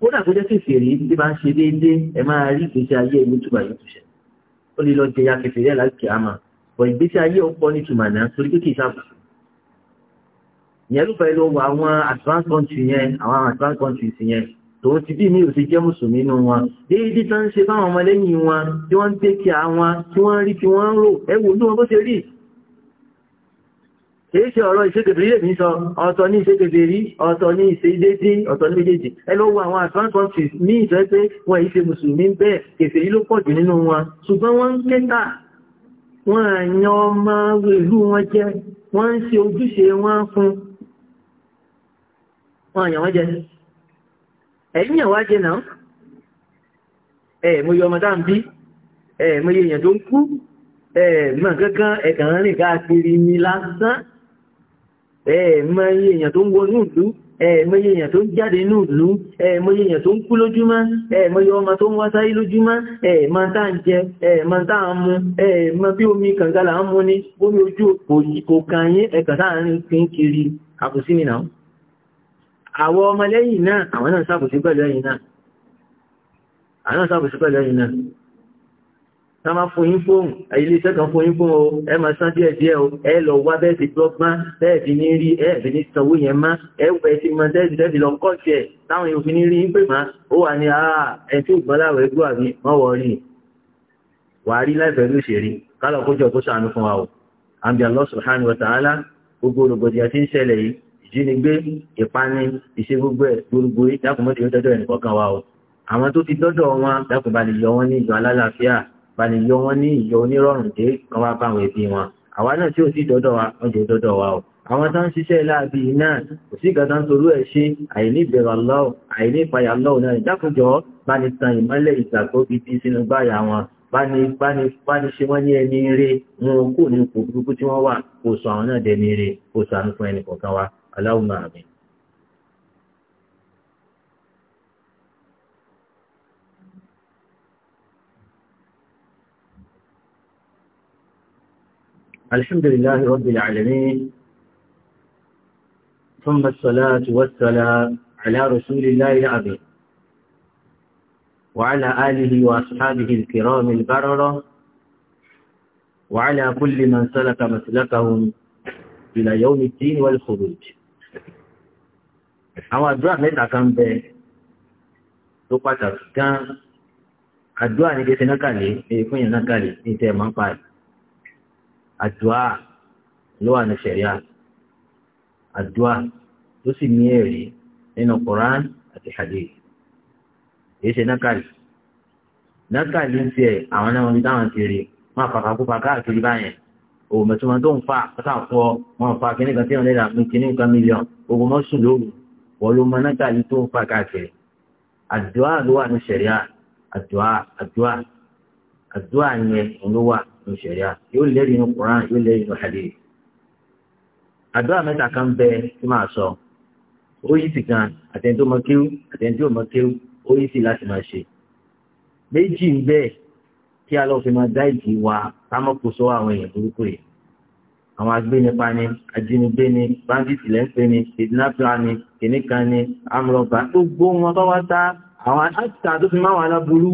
kódà kó jẹ́ kéfèèrè bí bá ń ṣe déédéé ẹ máa rí ìgbésí ayé ìlú túbà yóò túṣẹ́ ó lè lọ jẹ ya kẹfẹ́ rẹ̀ láti àmà bọ̀ ìgbésí ayé ọ̀pọ̀ ní tùmọ̀ náà torí pé kì í sàbùsù. ìyẹn ló fẹ́ lọ wọ àwọn advanced country yẹn àwọn advanced countries yẹn tó ti bí mi ò ti jẹ́ mùsùlùmí nínú wọn déédéé tó ń ṣe báwọn ọmọlẹ́yìn wọn tí wọ́n ń tẹ́kì àwọn tí wọ́n ń rí tí wọ́n ń rò ẹ̀wò ní wọn bó ṣe rí kìí ṣe ọ̀rọ̀ ìṣẹ́kẹ̀bẹ̀rí èmi sọ ọ̀tọ̀ ní ìṣẹ́kẹ̀bẹ̀rí ọ̀tọ̀ ní ìṣẹ́dédé ọ̀tọ̀ ní méjèèjì ẹ lọ wo àwọn advanced countries ní ìfẹ́ pé wọ́n yìí ṣe mùsùlùmí bẹ́ẹ̀ kèfèrí ló pọ̀ jù nínú wọn ṣùgbọ́n wọ́n ń kẹta wọ́n àyàn ọmọ ìlú wọn jẹ́ wọ́n ń ṣe ojúṣe wọn fún wọn àyàn wọn jẹ ẹ̀yìn yàn wá jẹ náà ẹ̀ mo yọ ọmọ dáa ń bí ẹ̀ mo yẹ èèyàn tó ń kú ẹ̀ mọ̀ kankan ẹ̀kàn rìn káàkiri ni lásán ẹ̀ẹ̀mọ́ iye èèyàn tó ń wọnú ìlú ẹ̀ẹ̀mọ́ iye èèyàn tó ń jáde inú ìlú ẹ̀ẹ̀mọ́ iye èèyàn tó ń kú lójúmọ́ ẹ̀ẹ̀mọ́ iye ọmọ tó ń wá sáyé lójúmọ́ ẹ̀ẹ̀mọ́ tá ń jẹ ẹ̀ẹ̀mọ́ tá ń ẹ̀ẹ̀mọ́ bí omi kànga ń mu ní omi ojú kò kàn ẹ̀kà sáàrin pín àkùsí mi náà ọmọlẹ́yìn náà àwọn náà pẹ̀lú ta ma fún yín fóònù ilé iṣẹ́ fún yín fóònù o ẹ máa san díẹ̀ díẹ̀ o ẹ lọ wá bẹ́ẹ̀ ti gbọ́gbọ́n bẹ́ẹ̀ fi ní rí ẹ fi ní sanwó yẹn má ẹ wẹ̀ sí mọ dẹ́ẹ̀dì dẹ́ẹ̀dì lọ kọ́ tiẹ̀ táwọn èèyàn fi ní rí pè má ó wà ní àá ẹ tí ò gbọ́n láwọ̀ ẹgbẹ́ àbí wọ́n wọ̀ rí wàá rí láìpẹ́ ló ṣe rí kálọ̀ kójọ kó sànù fún wa o àbí Allah subhanahu wa ta'ala gbogbo olùgbòdìyàn ti ń ṣẹlẹ̀ yìí ìjínigbé ìpani ìṣe gbogbo wa o àwọn tó ti dọ́dọ̀ wọn dákùnbalẹ̀ yọ wọn ní ìjọ alálàáfíà bani yọ wọn ní ìyọ onírọ̀rùn dé kan wá báwọn ẹbí wọn àwa náà tí ò sí dọ́dọ̀ wa wọ́n jẹ́ dọ́dọ̀ wa o àwọn tán ṣiṣẹ́ láàbí náà kò sí ìgbà tán torú ẹ̀ ṣe àìní ìbẹ̀rẹ̀ lọ́wọ́ àìní ìpayà lọ́wọ́ náà ìdákùjọ́ bá tan ìmọ́lẹ̀ ìgbàgbó gidi sínú gbáyà wọn bá ní bá ṣe wọ́n ní ẹni rí wọn kò ní kò tí wọ́n wà kò sọ àwọn náà dẹni rí kò sọ àánú fún ẹnì kọ̀ọ̀kan wa aláwùmọ̀ àmín الحمد لله رب العالمين ثم الصلاة والسلام على رسول الله العظيم وعلى آله وأصحابه الكرام البررة وعلى كل من سلك مسلكهم إلى يوم الدين والخروج àwọn àdúrà mẹ́ta kan bẹ tó pàtàkì gan àdúrà ní kẹsẹ̀ nákàlẹ̀ èèkúnyàn nákàlẹ̀ ní tẹ́ máa ń parí àdúà ló wà ní ṣẹ̀ríà àdúà ló sì ní ẹ̀rí nínú Quran àti hadith èyí ṣe nákàlì nákàlì ń tiẹ̀ àwọn náà wọn bí táwọn ti rí wọn àfàkàkùfà káàkiri báyẹn òun mẹtọmọ tó ń fa kọta fọ wọn fa kíní kan tí wọn lè rà mí kíní kan mílíọ̀n ogun mọ sùn lóru wọn ló mọ nákàlì tó ń fa káàkiri àdúà ló wà ní ṣẹ̀ríà àdúà àdúà àdúà yẹn ló wà ní ṣẹ̀ríà yóò lẹ́rìí inú Quran yóò lẹ́rìí inú hadith. àdúrà mẹ́ta kan bẹ tí màá sọ ó yí sì kan àtẹ̀ntó mọ kéwú àtẹ̀ntó mọ kéwú ó yí sì láti máa ṣe. méjì ń bẹ kí a lọ fi máa dá ìdí wa kámọ́kóso àwọn èèyàn burúkú yìí. àwọn agbénipa ni ajínigbé ni bandit, lẹ́ńpẹ́ ni kidnapper ni kìnnìkan ni amúrọ̀bà gbogbo wọn tó wá tá àwọn àtúntà tó fi máa wà láburú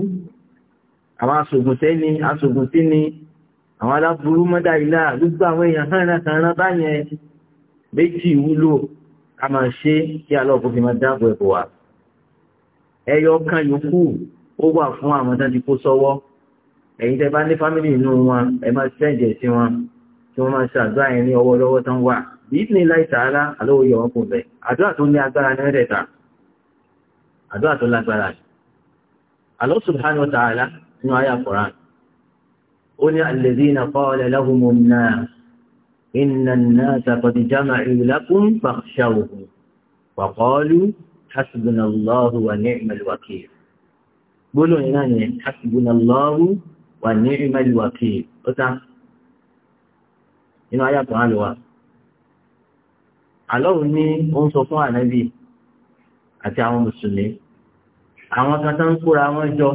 àwọn asògùn sẹ́ni asògùn sí ni àwọn aláburú mọ́dá ilá gbogbo àwọn èèyàn hánrakanran báyẹn méjì wúlò ká máa ṣe kí aláwọ̀kọ́ fi máa dáàbò ẹ̀bọ̀ wá ẹyọ kan yòókù ó wà fún àwọn tó ti kó sọ́wọ́ ẹ̀yin tẹ́ bá ní fámìlì inú wọn ẹ máa ṣẹ́ǹjẹ̀ sí wọn tí wọ́n máa ṣàdúrà yẹn ní ọwọ́ lọ́wọ́ tán wà bí ní láì tààrà àlówó yọ wọn kò bẹ̀ àdúrà tó ní agbára ní ẹ̀rẹ̀ta àdúrà tó lágbára Allah subhanahu wa nínú ayé àkùrán ó ní alladhina qala lahumu nnas inna nnasa qad jama'u lakum fakhshawhum wa qalu hasbunallahu wa ni'mal wakeel gbólóyìn náà ni hasbunallahu wa ni'mal wakeel ó tán inú ayé àtọ̀ àlùwà ní ó sọ fún ànábì àti àwọn mùsùlùmí àwọn kan tó ń kóra wọn jọ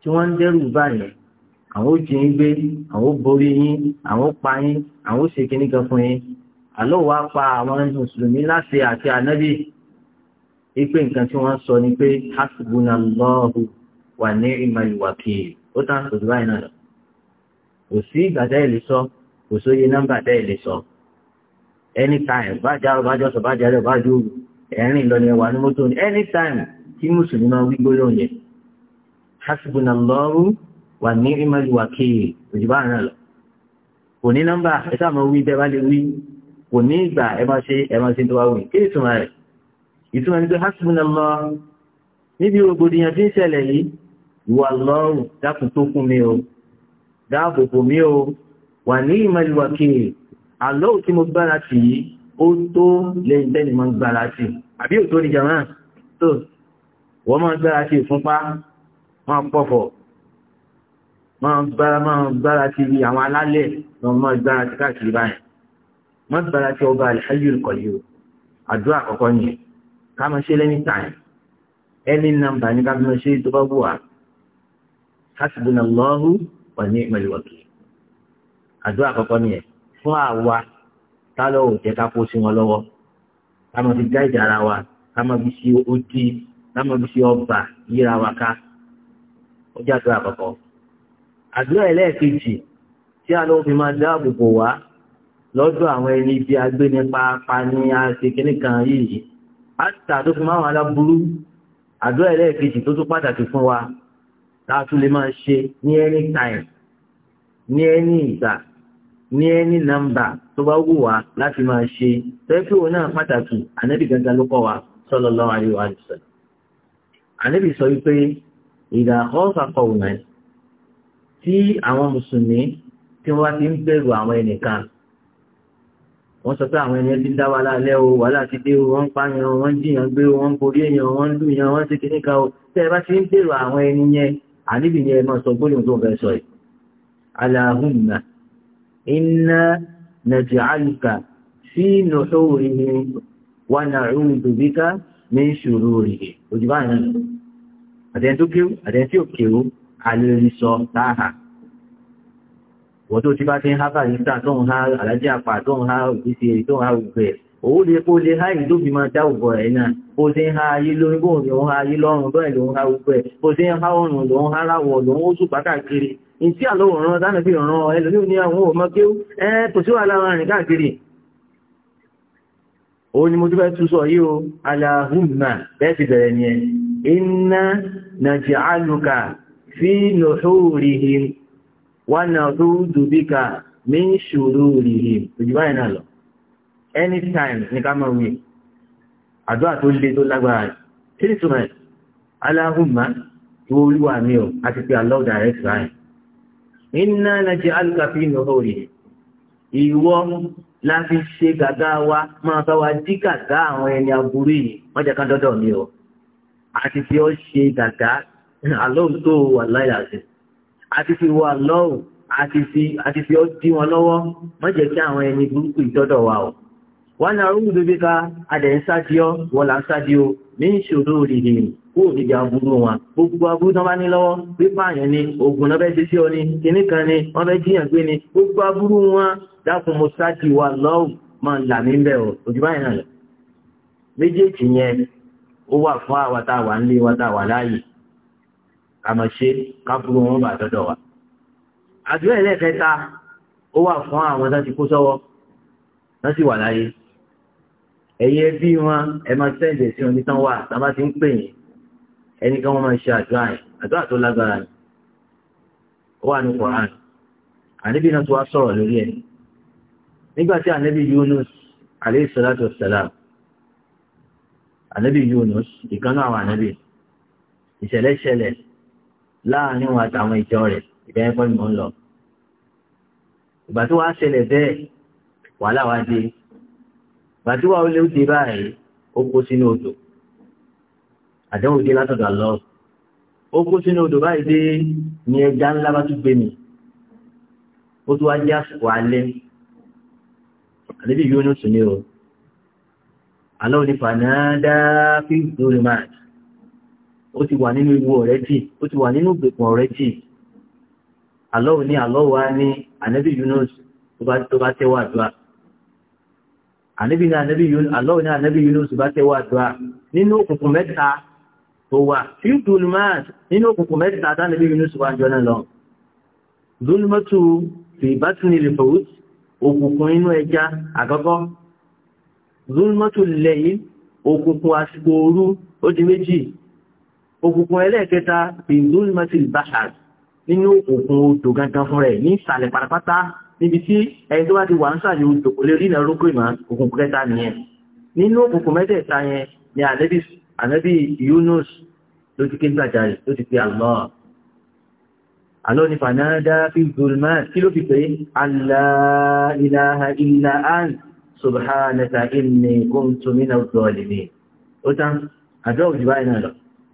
tí wọ́n ń dẹ́rù báyìí àwọn ó jí yín gbé àwọn ó borí yín àwọn ó pa yín àwọn ó ṣe kíní kan fún yín àlọ́ wa pa àwọn mùsùlùmí láti àti ànábì ipe nǹkan tí wọ́n sọ ni pé hasbuna lọ́ọ̀hù wà ní ìmọ̀lùwàkì ó tàn sọ̀rọ̀ báyìí náà lọ. kò sí ìgbà tẹ́ sọ kò sóye nọ́mbà tẹ́ ẹ̀ sọ. anytime bájà ọba jọsọ bájà rẹ bá dúró ẹ̀rín lọ ni ẹwà ní mọ́tò ní anytime tí mùsùlùmí máa wí gbólóhùn yẹn hasbuna lọ́ọ̀hù wà ní ìmọ̀lù wà kéè òjìbá àrùn lọ kò ní nọ́mbà ẹ sáà máa wí bẹ́ẹ̀ bá lè wí kò ní ìgbà ẹ máa ṣe ẹ máa ṣe tó wá wí kí ìtumọ̀ rẹ̀ ìtumọ̀ nígbà hasbunallah níbi rògbòdìyàn tí ń ṣẹlẹ̀ yìí ìwà lọ́rùn dákun tó fún mi o dáàbò bò mí o wà máa gbára máa gbára kiri àwọn alálẹ̀ lọ máa gbára ti káàkiri báyìí máa gbára ti ọba Al-Hayyul Qayyum àdúrà àkọ́kọ́ nìyẹn ká máa ṣe lẹ́ni tàyẹ̀ ẹni nàmbà ní ká máa ṣe tó bá wù wá hasbunallahu wa ni'mal wakeel àdúrà àkọ́kọ́ nìyẹn fún àwa tá lọ́wọ́ jẹ́ ká kó sí wọn lọ́wọ́ ká máa fi gáìdì ara wa ká máa fi ṣe odi ká máa fi ṣe ọba yíra wa ká ọjà àdúrà àkọ́kọ́ àdúrà ẹlẹ́ẹ̀kejì tí a lọ́wọ́ fi máa dáàbò bò wá lọ́dọ̀ àwọn ẹni bí agbé nípa pani aṣèkíní kan yìí àtà tó fi máa wà láburú àdúrà ẹlẹ́ẹ̀kejì tó tún pàtàkì fún wa táà tún lè máa ṣe ní any time ní any ìgbà ní any number tó bá wù wá láti máa ṣe tẹ́fí òun náà pàtàkì ànábì gangan ló kọ́ wa sallallahu alaihi wa sallam ànábì sọ wípé ìdàkọ́ fàkọ̀ òun náà tí àwọn mùsùlùmí tí wọ́n ti ń bẹ̀rù àwọn ẹnìkan wọ́n sọ pé àwọn ẹni ẹbí ń dá wa lálẹ́ o wàhálà ti dé o wọ́n ń pààyàn wọ́n ń jìyàn gbé o wọ́n ń borí èèyàn wọ́n ń lù wọ́n ń ṣe kíní kan o tẹ́ ẹ bá ti ń bẹ̀rù àwọn ẹni yẹn àníbì yẹn máa sọ gbólóhùn tó fẹ́ sọ yìí. aláhùnmá iná nàìjíríà sí nùsọ̀rìhìn wà nàìjíríà dùbíkà ní ìṣòro rèé òjò báyìí àtẹ̀ntó kéwù alẹ́rìsọ táhà wọ́n ti bá ti ń hábà ní sáà tó ha alájẹ́ àpà tó ha òkúṣe tó ń ha ògbẹ̀ òun lè kó lè háyì lóbi máa dá ògbọ̀ ẹ̀ náà bó ṣe ń ha ayé lórí bóun lòun ha ayé lọ́rùn bẹ́ẹ̀ lòun ha ògbẹ̀ bó ṣe ń ha ọrùn lòun ha ráwọ̀ lòun ó sùpá káàkiri ìtí àlọ́wọ̀rán dáná fi ràn ẹlòmíì ní àwọn ọmọ kéwú ẹ kò sí wàhálà rìn káàkiri ó ní mo tó fẹ́ tú sọ yí o aláhùnmá bẹ́ẹ̀ ti bẹ̀rẹ̀ fi nuhurihim wa na'udhu bika min shururihim òjì báyìí náà lọ anytime ní ká máa wí àdúrà tó le tó lágbára rẹ̀ kí ni túmọ̀ ẹ̀ aláhùnmá ìwọ olúwa mi ò àti pé Allah direct báyìí iná lajẹ alùpàpì nuhurihim ìwọ la fi ṣe gàgá wa máa bá wa dí gàgá àwọn ẹni aburú yìí wọ́n jẹ́ ká dọ́dọ̀ mi o àti tí ó ṣe gàgá àlọ́hùn tó wà láyà sí àti fi wà lọ́hùn àti fi àti dí wọn lọ́wọ́ má jẹ́ kí àwọn ẹni burúkú ìtọ́dọ̀ wa o wọn náà rúdú bíbí ká adẹ̀ ń sádìọ́ wọn là ń sádìọ́ ní aburú wọn gbogbo aburú tán bá ní lọ́wọ́ ni oògùn náà bẹ́ẹ̀ ṣe sí ọ ni kan ni ni gbogbo aburú wọn dákun mo sádìí wa lọ́hùn máa là mí bẹ́ẹ̀ òjú báyìí náà lọ méjèèjì a wa tá àmọ̀ṣe káfúrú wọn bá dọ́dọ̀ wa. àdúrà ẹlẹ́ẹ̀kẹta ó wà fún àwọn tó ti kó sọ́wọ́ wọ́n sì wà láyé ẹ̀yin ẹbí wọn ẹ máa sẹ́ǹdì sí wọn nítan wà tábà ti ń pè yín ẹnìkan wọn máa ṣe àdúrà yẹn àdúrà tó lágbára ni ó wà ní Kùránì àníbí náà tó wá sọ̀rọ̀ lórí ẹ̀ nígbà tí àníbí Yunus alayhi salatu wassalam àníbí Yunus ìkànnà àwọn àníbí ìṣẹ̀lẹ̀ ṣẹlẹ̀ láàrin wọn àtàwọn ìjọ rẹ̀ ìbẹ̀rẹ̀ pọ̀ mọ́ ń lọ. ìgbà tó wàá ṣẹlẹ̀ bẹ́ẹ̀ wàhálà wá dé ìgbà tí wàá lé dé báyìí ó kó sínú odò àdéhùn dé látọ̀dọ̀ àlọ́ ó kó sínú odò báyìí dé ní ẹja ńlá bá tún gbé mi ó tún wá jẹ́ àsìkò alẹ́ àdébí yóò ní oṣù ní o àlọ́ òní fànádà fíìsì lórí máàkì ó ti wà nínú ewu ọ̀rẹ́ jì ó ti wà nínú ìgbèkùn ọ̀rẹ́ jì àlọ́wọ̀ ní á ní ànẹ́bí Yunus tó bá tẹ́wọ́ àdúrà ànẹ́bí ní ànẹ́bí Yunus àlọ́wọ̀ ní ànẹ́bí Yunus tó bá tẹ́wọ́ àdúrà nínú òkùnkùn mẹ́ta tó wà fi dùnmát nínú òkùnkùn mẹ́ta tá ànẹ́bí Yunus wà jọ náà lọ dùnmátù fi bátìní rìpọ̀wùt òkùnkùn inú ẹja àkọ́kọ́ dùnmátù lẹ́yìn òkùnkùn àsìkò òru ó di méjì òkùnkùn ẹlẹ́ẹ̀kẹta bindulmatil bahar nínú òkùnkùn odò gangan fún rẹ̀ ní ìsàlẹ̀ pátápátá níbi tí ẹni tó bá ti wà ń sàlẹ̀ odò kò lè rí ìnà orókò ìmọ̀ òkùnkùn kẹta nìyẹn nínú òkùnkùn mẹ́tẹ̀ẹ̀ta yẹn ni ànábì Yunus ló ti ké gbàjarì ló ti pe Allah àlọ́ ni fanada fi zulmat kí ló fi pé Allah ilaha illa an subhanaka inni kuntu minaz ó tán àjọ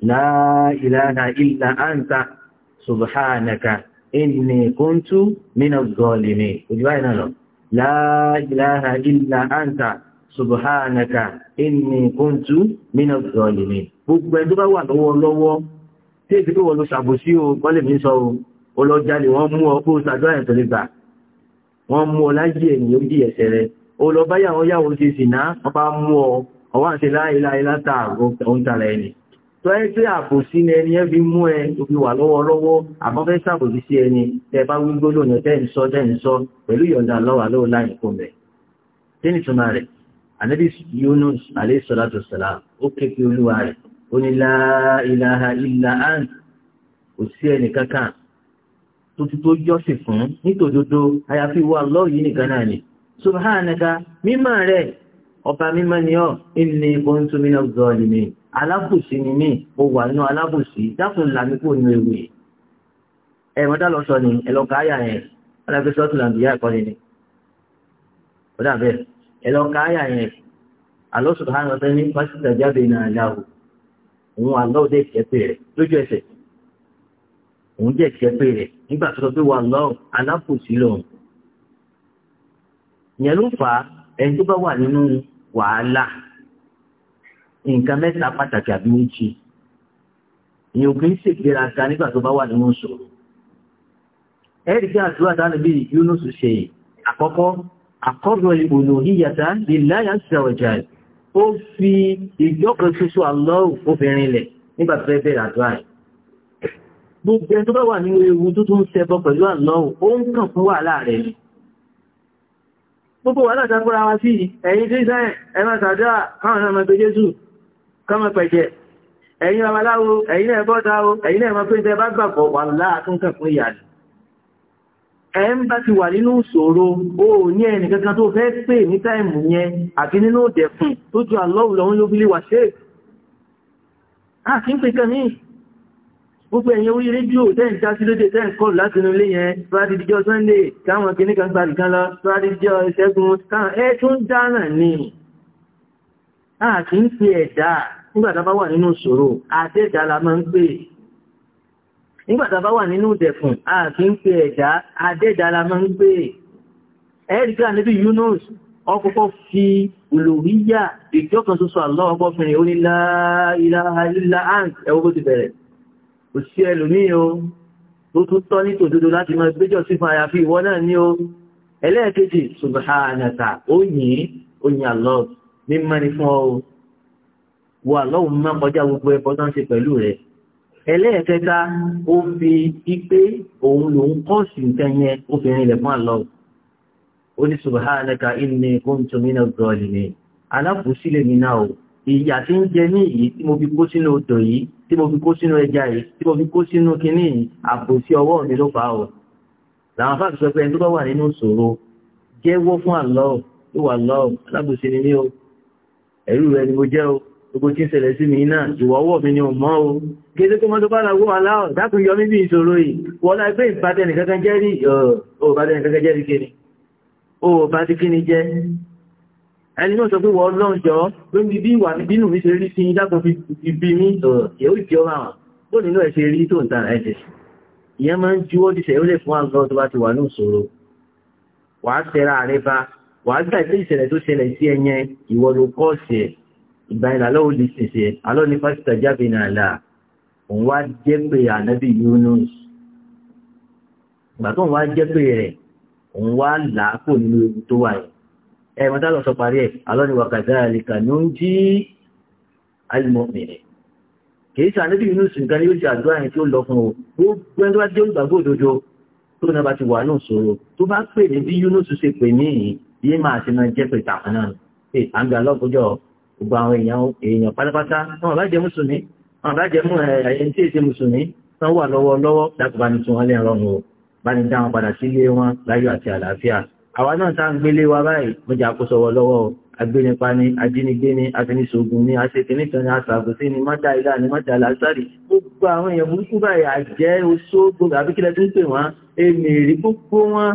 la ilaha illa anta subhanaka inni kuntu minaz zalimin ojú báyìí náà lọ la ilaha illa anta subhanaka inni kuntu minaz zalimin gbogbo ẹni tó bá wà lọ́wọ́lọ́wọ́ tí èsì pé wọ́n lọ ṣàbòsí o sọ tó ẹ́ pé àbòsí ni ẹni ẹ́ fi mú ẹ òbí wà lọ́wọ́lọ́wọ́ àbọ́fẹ́ sàbòsí sí ẹni tẹ́ bá wí gbólóhùn tẹ́ ń sọ tẹ́ ń sọ pẹ̀lú ìyọ̀ǹda lọ́wọ́ lọ́wọ́ láì kó mẹ́ kí ni túmọ̀ rẹ̀ ànábì Yunus alayhi salatu wassalam ó ké pe olúwa rẹ̀ ó ní la ilaha illa ant kò sí ẹnì kankan tó ti tó jọ́sìn fún nítòdodo àyàfi wa lọ́ọ̀ yìí nìkan náà ni subhanaka mímọ́ rẹ̀ ọba mímọ́ ni ọ́ inni kuntu minaz alábòsí ni mí mo wà nínú alábòsí dákun làmí kò nu ewì ẹ mọ̀tá lọ sọ ni ẹ lọ ká àyà yẹn alábẹ́ sọ́ọ̀tù làǹdíyà ẹ̀kọ́ ni ni ó dàbẹ́ ẹ lọ ká àyà yẹn Allah subhanahu wa ta'ala ní pásítọ̀ jáde náà yàwó òun àlọ́ dé ìkẹ́pẹ́ rẹ̀ lójú ẹsẹ̀ òun jẹ́ ìkẹ́pẹ́ rẹ̀ nígbà tó sọ wà lọ́ọ̀ alábòsí lòun yẹn ló fà ẹni tó bá wà nínú wàhálà nǹkan mẹ́ta pàtàkì àbí méjì ìyẹn ò kì í ṣègbéraga nígbà tó bá wà nínú ìṣòro ẹ̀rí kí àdúrà dánù bí Yunus ṣe àkọ́kọ́ àkọ́rọ̀ ìbòlò yíyàtà lillahi azza wa jal ó fi ìjọ́kọ̀ ṣoṣo Allah obìnrin lẹ̀ nígbà tó fẹ́ bẹ̀rẹ̀ àdúrà rẹ̀ gbogbo ẹni tó bá wà nínú ewu tó tún ṣẹbọ pẹ̀lú Allah ó ń kàn fún wàhálà rẹ̀ ni gbogbo wàhálà tá fúnra wa sí ẹ̀yin tí sáyẹn ẹ máa tàdúrà káwọn náà máa pe Jésù kọ́mọ̀ pẹ̀jẹ̀ ẹ̀yin ọmọláwo ẹ̀yin náà bọ́ta o ẹ̀yin náà máa pèsè bá gbàgbọ́ wà láàtúnkà fún ìyàlì ẹ̀ ń bá ti wà nínú ìṣòro ó ní ẹnì kankan tó fẹ́ pè ní táìmù yẹn àti nínú òdẹ̀kùn tó ju àlọ́wùlọ́wọ́n ló bílé wà ṣe àti ń pè kan ní gbogbo ẹ̀yin orí rédíò tẹ́ǹ já sí lóde tẹ́ǹ kọlù láti inú ilé yẹn fúrádì díjọ́ sunday káwọn kìnnìkan gbàdìkan lọ fúrádì díjọ́ ìṣẹ́gun káwọn a kì ń pe ẹ̀dá nígbàtà bá wà nínú ìṣòro àti ẹ̀dá la máa ń pè nígbàtà wà nínú ìdẹ̀fùn a ń pe ẹ̀dá àti la máa ń pè ẹ̀ríkà níbi Yunus ọkọ̀kọ́ fi olóríyà ìjọ kan Allah ọgbọ́fìnrin ó ní la ilaha illa ant ẹwọ́ bó ti bẹ̀rẹ̀ kò sí ẹlòmíì o tó tún tọ́ ní tòdodo láti máa gbéjọ sí fún Allah mímọ́ ni fún ọ o wà lọ́wọ́ mímọ́ kọjá gbogbo ẹbọ tó ń ṣe pẹ̀lú rẹ̀ ẹlẹ́ẹ̀kẹta ó fi pípé òun lòun kọ́ọ̀sì nǹkan yẹn ó fi rinlẹ̀ fún àlọ́ ó ní subhanaka inni kuntu mina zalimin aláfòsílẹ̀ mi náà o ìyà tí ń jẹ ní èyí tí mo fi kó sínú odò yìí tí mo fi kó sínú ẹja yìí tí mo fi kó sínú kinní yìí àbòsí ọwọ́ mi ló fà á o làwọn fáàkì sọ pé ẹni tó bá wà nínú ìṣòro jẹ́wọ́ fún àlọ́ ìwà lọ́ọ̀ alábòsí ni mí o ẹ̀rú rẹ̀ ni mo jẹ́ o gbogbo tí ń ṣẹlẹ̀ sí mi náà ìwọ́wọ́ mi ni ò mọ́ o gẹ́gẹ́ tó mọ́ tó bára wó aláwọ̀ dákùn yọ mí bí ìṣòro yìí wọ́n láì pé ìbátẹni kankan jẹ́ rí ọ̀ bátẹni kankan jẹ́ rí kíni ó bá ti kíni jẹ́ ẹni náà sọ pé wọ́n lọ́n jọ ló ń bí wà nínú mi ṣe rí sí dákùn fi bí mi yẹ̀wò ìjọ àwọn bó nínú ẹ̀ ṣe rí tó ń ta ẹ̀jẹ̀ ìyẹn máa ń juwọ́ ti ṣẹ̀yọ́ lè fún àgbọ̀ tó bá ti wà ní ìṣòro wàá tẹ́ra wàá gbà pé ìṣẹ̀lẹ̀ tó ṣẹlẹ̀ sí ẹyẹn ìwọ ló kọ́ sí ẹ̀ ìgbà yẹn làlọ́ ò lè ṣèṣe alọ́ ní pásítà jáde náà là òun wá jẹ́ pé ànábì Yunus ìgbà tó ń wá jẹ́ pé rẹ̀ òun wá là á kò nínú ewu tó wà yẹn ẹ̀ mọ́tà lọ sọ parí ẹ̀ alọ́ ní wàkàtà àlìkà ló ń jí alìmọ̀mìnì kìí ṣe ànábì Yunus nǹkan ní yóò àdúrà yẹn tí ó lọ fún o gbogbo jẹ́ olùgbàgbọ́ òdodo tó náà bá ti wà náà sọ̀rọ̀ tó bá pè ní bí Yunus ṣe pè ní yìí máa ṣe máa jẹ́ pé ìtàkùn náà pé à ń gbà lọ́kọjọ́ gbogbo àwọn èèyàn èèyàn pátápátá wọn bá jẹ́ mùsùlùmí wọn bá jẹ́ mú ẹ̀yẹ tí èsì mùsùlùmí tán wà lọ́wọ́ lọ́wọ́ dákun bá ní tún wọn lè rọrùn o bá ní dá wọn padà sílé wọn láyọ̀ àti àlàáfíà àwa náà tá ń gbélé wa báyìí mo jà kó sọwọ́ lọ́wọ́ o agbénipa ni ajínigbé ni afiniṣogun ni aṣèkínní kan ni aṣàgùsí ni mọ́tà ilá ni mọ́tà làásàrì gbogbo àwọn èèyàn burúkú báyìí àjẹ́ oṣó gbogbo tó ń pè wọ́n èmì èrè gbogbo wọn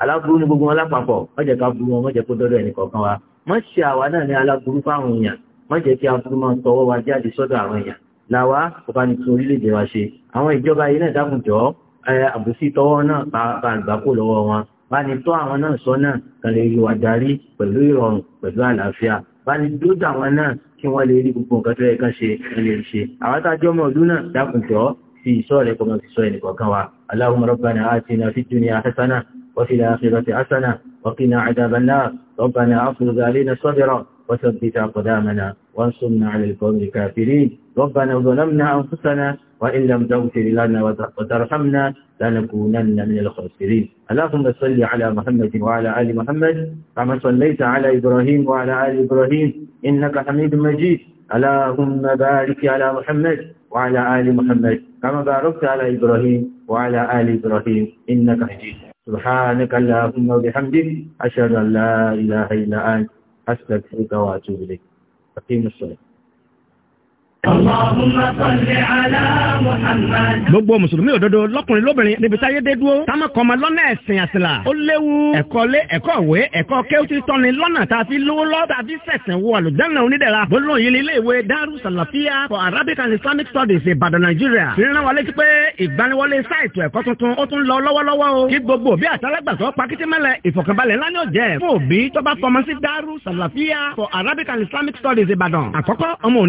aláburú ní gbogbo wọn lápapọ̀ má jẹ́ ká burú wọn má jẹ́ kó dọ́dọ̀ ẹnì kọ̀ọ̀kan wa má ṣe àwa náà ní aláburú fáwọn èèyàn má jẹ́ kí aburú máa tọwọ́ wa jáde sọ́dọ̀ àwọn èèyàn làwa kò bá ní tún orílẹ̀-èdè wa ṣe àwọn ìjọba yìí náà dákun jọ àbùsí tọwọ́ náà bá àgbà kò lọ́wọ́ wọn bá ní tọ́ àwọn náà sọ́nà kan lè yọ àdarí pẹ̀lú ìrọ̀rùn pẹ̀lú àlàáfíà bá ní dódò àwọn náà kí wọ́n lè rí gbogbo nǹkan tó yẹ ká ṣe lè ṣe àwọn tájọ́ ọmọ ọdún náà dákun jọ fi ìṣọ́ rẹ̀ kọ́mọ fi sọ ẹnì kọ̀ọ̀kan wa Allahumma rabbana atina fid dunya hasana وفي الآخرة حسنة وقنا عذاب النار ربنا أفرض علينا صبرا وثبت أقدامنا وانصرنا على القوم الكافرين ربنا ظلمنا أنفسنا وإن لم تغفر لنا وترحمنا لنكونن من الخاسرين اللهم صل على محمد وعلى آل محمد كما صليت على إبراهيم وعلى آل إبراهيم إنك حميد مجيد اللهم بارك على محمد وعلى آل محمد كما باركت على إبراهيم وعلى آل إبراهيم إنك حميد سبحانك اللهم وبحمدك أشهد أن لا إله إلا أنت أستغفرك وأتوب إليك أقيم الصلاة gbogbo mùsùlùmí òdodo lọkùnrin lóbìnrin níbi táyé dé dúró táwọn kan máa lọ́nà ẹ̀sìn àṣìlá ó léwu ẹ̀kọ́ lé ẹ̀kọ́ ìwé ẹ̀kọ́ kéwùtì tọ́ni lọ́nà tá lówó lọ́ tá sẹ̀sẹ̀ wọ àlùjáná onídẹ̀ra gbólóhùn yìí ní ilé ìwé Daru for Arabic and Islamic Studies Ìbàdàn Nàìjíríà fìrìnà wọlé ti pé ìgbaniwọlé sáìtù ẹ̀kọ́ tuntun ó tún lọ lọ́wọ́lọ́wọ́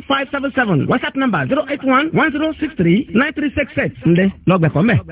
seven five seven seven whatsapp number zero eight one one zero six three nine three six eight ǹdẹ lọ́gbẹ̀kọ́ mẹ́.